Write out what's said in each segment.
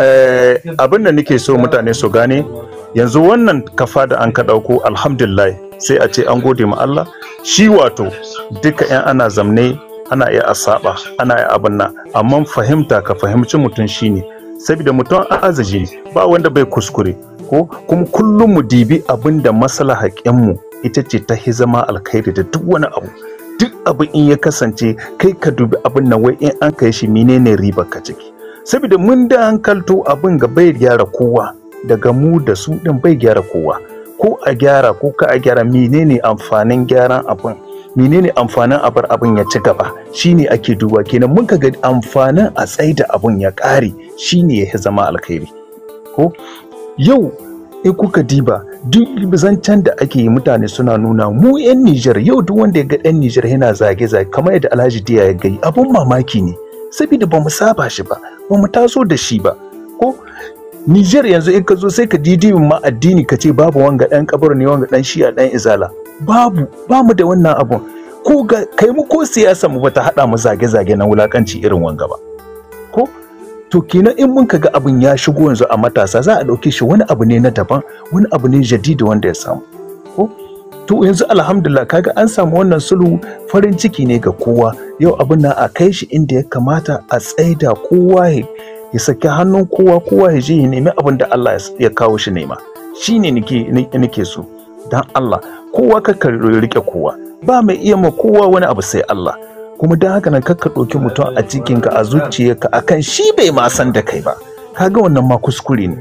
Eh, abin da nake so mutane su gane yanzu wannan kafa da an ka ɗauko alhamdulillah sai a ce an gode ma Allah shi wato duka yan ana zamne ana iya asaba ana iya abin nan amma fahimta ka fahimci mutum shine saboda mutum azaji ne ba wanda bai kuskure ko kuma kullum mu dibi abin da maslaha mu ita ce ta zama alkhairi da duk wani abu duk abu in ya kasance kai ka dubi abin nan wai in an kai shi menene riba ka ciki saboda mun da hankalto abin ga bai gyara kowa daga mu da su din bai gyara kowa ko a gyara ko ka a gyara menene amfanin gyaran abin menene amfanin abar abin ya ci gaba shine ake duba kenan mun ga amfanin a tsaida abin ya kare shine ya zama alkhairi ko yau in kuka diba duk zancen da ake yi mutane suna nuna mu 'yan Nijar yau duk wanda ya ga 'yan Nijar yana zage-zage kamar yadda Alhaji Diya ya gani abun mamaki ne saboda ba mu saba shi ba ba mu taso da shi ba ko Niger yanzu in ka zo sai ka didibin ma addini ka ce babu wanga dan kabar ne wanga dan shi'a dan izala babu ba mu da wannan abun ko ga kai mu ko siyasa mu ta hada mu zage-zage na wulakanci irin wanga ba ko to kenan in mun ga abun ya shigo yanzu a matasa za a dauke shi wani abu ne na daban wani abu ne jadidi wanda ya samu ko to yanzu alhamdulillah kaga an samu wannan sulhu farin ciki ne ga kowa yau abin na a kai shi inda ya kamata a tsaida kowa ya saki hannun kowa kowa ya je ya nemi abin da Allah ya kawo shi nema shine ne nake so Don Allah kowa ka rike kowa ba mai iya ma kowa wani abu sai Allah kuma don haka nan ka ɗauki mutum a cikin ka a zuciyarka akan shi bai ma san da kai ba kaga wannan ma kuskure ne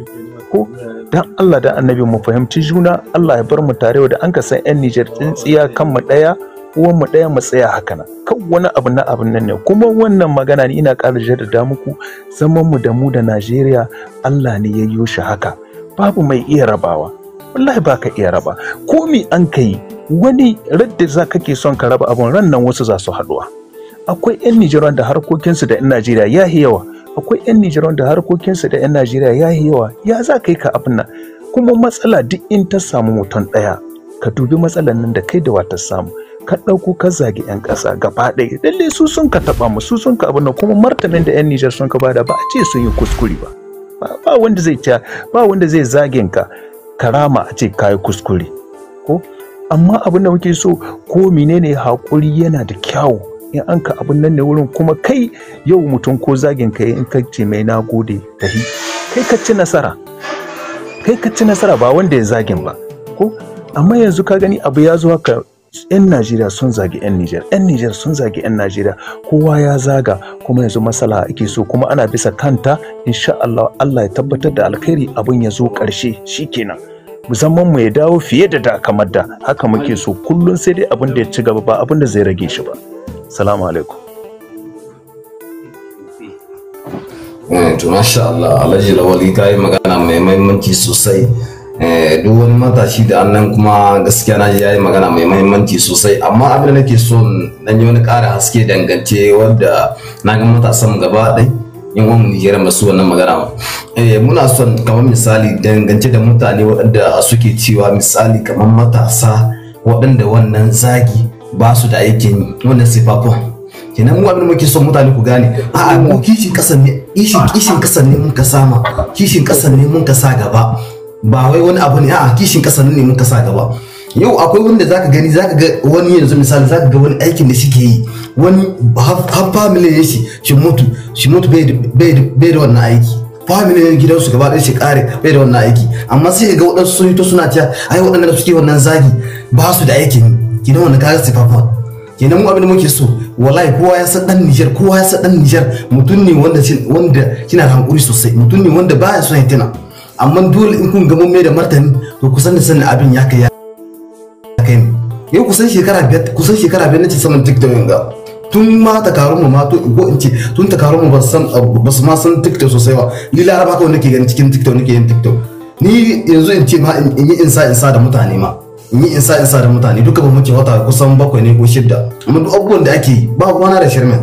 ko dan Allah da annabi mu fahimci juna Allah ya bar mu tare da an ka san yan Niger tsintsiya kan mu daya uwan mu daya mu tsaya haka nan kan wani abu na abin nan ne kuma wannan magana ni ina ƙara jaddada muku zaman mu da mu da Najeriya Allah ne ya yi shi haka babu mai iya rabawa wallahi ba ka iya raba komi an ka yi wani radda za kake son ka raba abun ran nan wasu za su haɗuwa akwai 'yan nijiran da harkokinsu da 'yan najeriya ya yawa akwai 'yan Nijar wanda harkokinsu da 'yan Najeriya ya yi yawa ya za ka yi ka abin nan kuma matsala duk in ta samu mutum ɗaya ka dubi matsalan nan da kai da wata samu ka ɗauko ka zagi 'yan ƙasa gaba ɗaya lallai su sun ka taɓa mu su sun ka abin nan kuma martanin da 'yan Nijar sun ka bada ba a ce sun yi kuskure ba ba wanda zai ta ba wanda zai zagin ka karama a ce kayi kuskure ko amma abin da muke so ko menene haƙuri yana da kyau? in an ka abun nan ne wurin kuma kai yau mutum ko zagin kai in ka ce mai na gode tahi kai ka ci nasara kai ka ci nasara ba wanda ya zagin ba ko amma yanzu ka gani abu ya zo haka 'yan Najeriya sun zagi 'yan Nijar, 'yan Nijar sun zagi 'yan Najeriya, kowa ya zaga kuma yanzu masala ake so kuma ana bisa kanta insha Allah Allah ya tabbatar da alkhairi abin ya zo ƙarshe shikenan. Musamman mu ya dawo fiye da da kamar da haka muke so kullum sai dai abin da ya ci gaba ba abin da zai rage shi ba. salamu alaikum eh, to masha Allah alhaji lawali kai magana mai mahimmanci sosai eh, duk wani matashi da annan kuma gaskiya na ya yi magana mai mahimmanci sosai amma abin da nake so dan yi wani ƙara haske dangance wanda na ga matasan gaba dai yin wani nigeria masu wannan magana eh, muna son kamar misali dangance da mutane waɗanda suke cewa misali kamar matasa waɗanda wannan zagi ba su da aikin wannan ko kenan mu abin muke son mutane ku gane a'a mu kishin kasan ne kishin kishin kasan ne mun ka sama kishin kasan ne mun ka sa gaba ba wai wani abu ne a'a kishin kasan ne mun ka sa gaba yau akwai wanda zaka gani zaka ga wani yanzu misali zaka ga wani aikin da suke yi wani har family ne shi shi mutu shi mutu bai bai da wannan aiki gidan gidansu gaba ɗaya shi kare bai da wannan aiki amma sai ga waɗansu sun to suna cewa ai waɗannan da suke wannan zagi ba su da aikin kenan wannan kaga sifafon kenan mu abin da muke so wallahi kowa ya san dan Niger kowa ya san dan Niger mutum ne wanda wanda kina da hankuri sosai mutum ne wanda baya son ya tana amma dole in kun ga mun mai da martani to ku san da sanin abin ya kai ya kai ne yau kusan shekara biyar kusan shekara biyar nace saman TikTok ga tun ma takarun mu ma to ko in ce tun takarun mu ba san ba su ma san TikTok sosai ba ni laraba kawai nake ganin cikin TikTok nake yin TikTok ni yanzu in ce ma in yi insa insa da mutane ma in sa insa insa da mutane duka ba muke wata kusan bakwai ne ko shidda amma duk abubuwan da ake yi ba gwana da shirme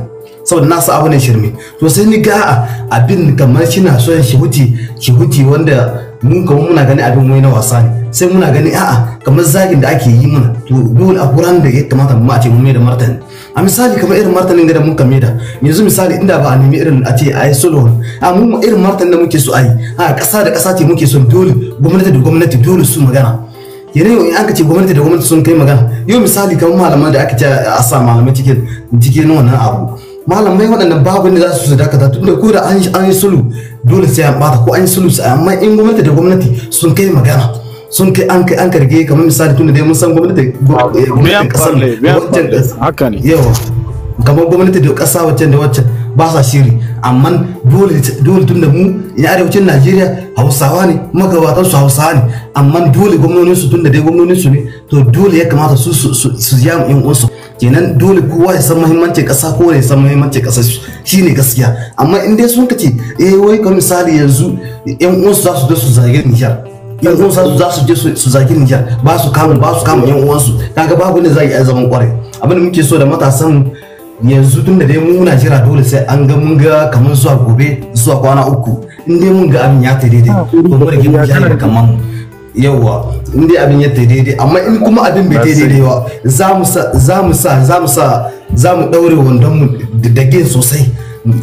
saboda na abu ne shirme to sai ni ga abin kamar shina son shi huti shi huti wanda mun kamar muna gani abin wai na wasa ne sai muna gani a'a kamar zagin da ake yi mana to dole a kuran da ya kamata mu ce mun mai da martani a misali kamar irin martanin da mun mai da yanzu misali inda ba a nemi irin a ce a yi solo a mun irin martanin da muke so a yi a ƙasa da ƙasa ce muke son dole gwamnati da gwamnati dole su magana yanayi in aka ce gwamnati da gwamnati sun kai magana yau misali kamar malaman da aka ce a sa malamai cikin cikin wannan abu malamai waɗannan babu ne za su su dakata tunda ko da an yi sulu dole sai an bata ko an yi sulu sai amma in gwamnati da gwamnati sun kai magana sun kai an kai an karge kamar misali tunda dai mun san gwamnati gwamnatin kasar ne haka ne yawa kamar gwamnati da ƙasa wacce da wacce ba sa shiri amma dole tunda mu in arewacin najeriya hausawa ne magabatan su hausawa ne amma dole gwamnonin su tunda dai gwamnonin su ne to dole ya kamata su su ya mu yan su. kenan dole kowa ya san muhimmancin kasa ko ya san muhimmancin kasa shine gaskiya amma in dai sun kace eh wai kamar misali yanzu yan uwansu za su da su zage Nijar yan uwansu za su je su zage Nijar ba su kama ba su kama yan uwansu kaga babu ne za a yi zaman kware abin da muke so da matasan yanzu tun da dai mu muna jira dole sai an ga mun ga kamar zuwa gobe zuwa kwana uku in dai mun ga abin ya ta daidai to mu rage mun jira kamar yawa in dai abin ya ta daidai amma in kuma abin bai daidai yawa za mu sa za mu sa za mu sa za mu daure wandon mu da gin sosai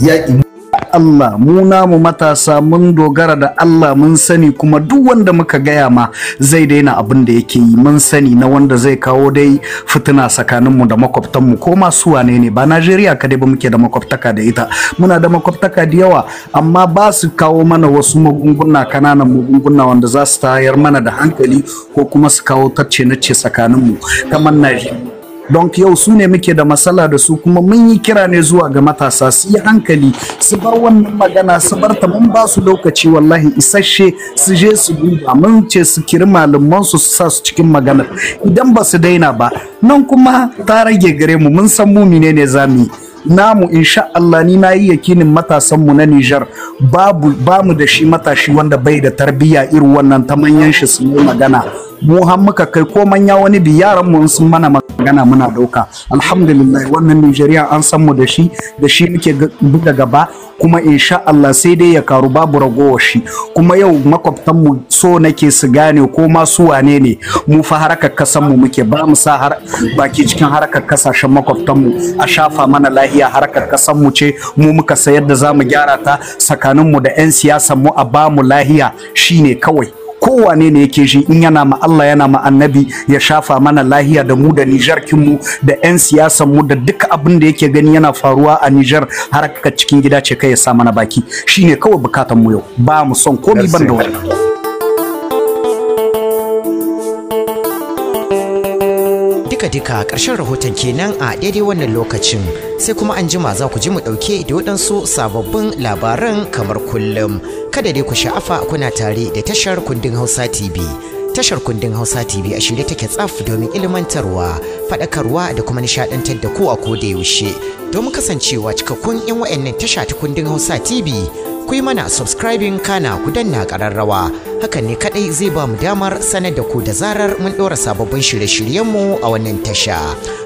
yaƙi Allah mu namu matasa mun dogara da Allah mun sani kuma duk wanda muka gaya ma zai daina abin da yake yi mun sani na wanda zai kawo dai fitina tsakaninmu da makwabtanmu ko masu wane ne ba Najeriya kadai ba muke da makwabtaka da ita muna da makwabtaka da yawa amma ba su kawo mana wasu magunguna kananan magunguna wanda za su tayar mana da hankali ko kuma su kawo tacce na ce tsakaninmu kamar Najeriya don yau su ne muke da matsala da su kuma mun yi kira ne zuwa ga matasa su yi hankali su bar wannan magana su bar ta mun ba su lokaci wallahi isasshe su je su duba mun ce su kiri malaman su su sa su cikin magana idan ba su daina ba nan kuma ta rage gare mu mun san mu ne za mu namu insha Allah ni na yi yakinin matasan mu na Nijar babu bamu da shi matashi wanda bai da tarbiyya irin wannan ta manyan shi su yi magana mu har muka kai ko manya wani bi yaran mu sun mana magana muna dauka alhamdulillah wannan Nigeria an san mu da shi da shi muke buga gaba kuma insha Allah sai dai ya karu babu ragowashi. shi kuma yau makwabtan mu so nake su gane ko ma su wane ne mu fa harakar kasan mu muke ba mu sa har baki cikin harakar kasashen makwabtan mu a shafa mana lahiya harakar kasan mu ce mu muka sayar da zamu gyara ta tsakanin mu da 'yan siyasa mu a ba mu lahiya shine kawai kowane ne yake shi in yana ma Allah yana ma annabi ya shafa mana lahiya da mu da Nijar kinmu da 'yan siyasan mu da duka abin da yake gani yana faruwa a Nijar haraka cikin gida ce kai ya sa mana baki shine kawai bukatan mu yau ba mu son komai ban wannan duka ƙarshen rahoton kenan a daidai wannan lokacin sai kuma an jima za ku ji mu ɗauke da waɗansu sababbin labaran kamar kullum kada dai ku sha'afa kuna tare da tashar kundin hausa tv tashar kundin Hausa TV a shirye take tsaf domin ilmantarwa, faɗakarwa da kuma nishaɗantar da ku a koda yaushe. Domin kasancewa cikakkun 'yan wayannan tasha ta kundin Hausa TV, ku yi mana subscribing kana ku danna ƙararrawa. Hakan ne kaɗai zai ba mu damar sanar da ku da zarar mun ɗora sababbin shirye-shiryenmu a wannan tasha.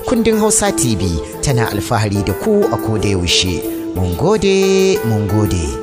Kundin Hausa TV tana alfahari da ku a koda yaushe. Mun gode, mun gode.